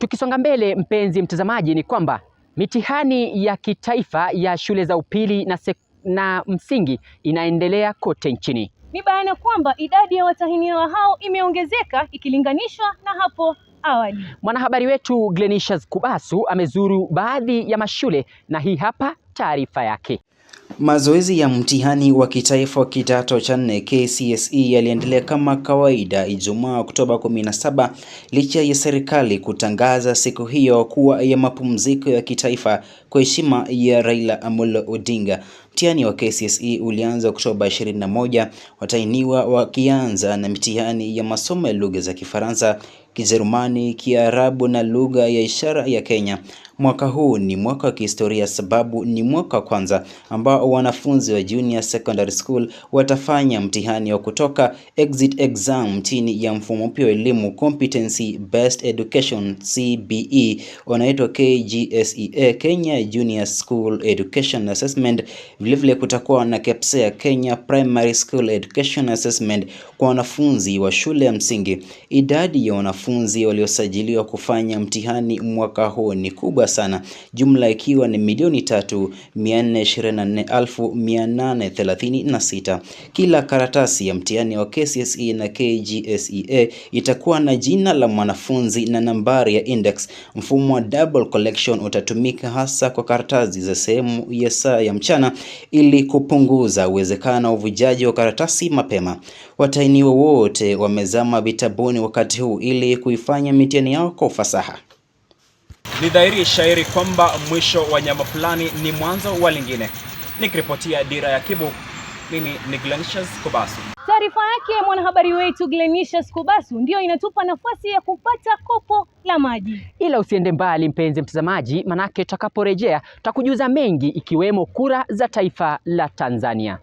Tukisonga mbele, mpenzi mtazamaji, ni kwamba mitihani ya kitaifa ya shule za upili na, na msingi inaendelea kote nchini. Ni bayana kwamba idadi ya watahiniwa hao imeongezeka ikilinganishwa na hapo awali. Mwanahabari wetu Glenishas Kubasu amezuru baadhi ya mashule na hii hapa taarifa yake. Mazoezi ya mtihani wa kitaifa wa kidato cha nne KCSE yaliendelea kama kawaida Ijumaa Oktoba 17 licha ya serikali kutangaza siku hiyo kuwa ya mapumziko ya kitaifa kwa heshima ya Raila Amolo Odinga. Mtihani wa KCSE ulianza Oktoba 21, watainiwa wakianza na mitihani ya masomo ya lugha za Kifaransa, Kijerumani, Kiarabu na lugha ya ishara ya Kenya. Mwaka huu ni mwaka wa kihistoria sababu ni mwaka wa kwanza ambao wanafunzi wa Junior Secondary School watafanya mtihani wa kutoka exit exam chini ya mfumo mpya wa elimu competency based education CBE, unaitwa KGSEA, eh, Kenya Junior School Education Assessment. Vilevile kutakuwa na KEPSEA ya Kenya Primary School Education Assessment kwa wanafunzi wa shule ya msingi. Idadi ya wanafunzi waliosajiliwa kufanya mtihani mwaka huu ni kubwa sana, jumla ikiwa ni milioni tatu na sita. Kila karatasi ya mtihani wa KCSE na KGSEA itakuwa na jina la mwanafunzi na nambari ya index. Mfumo wa double collection utatumika hasa kwa karatasi za sehemu ya saa ya mchana ili kupunguza uwezekano wa uvujaji wa karatasi mapema. Watahiniwa wote wamezama vitabuni wakati huu ili kuifanya mitihani yao kwa ufasaha. Ni dhahiri shairi kwamba mwisho wa nyama fulani ni mwanzo wa lingine. Nikiripotia Dira ya Kibu, mimi ni Glenshas Kobasu. Taarifa yake mwanahabari wetu glenisha skubasu ndiyo inatupa nafasi ya kupata kopo la maji. Ila usiende mbali mpenzi mtazamaji, manake tutakaporejea tutakujuza mengi ikiwemo kura za taifa la Tanzania.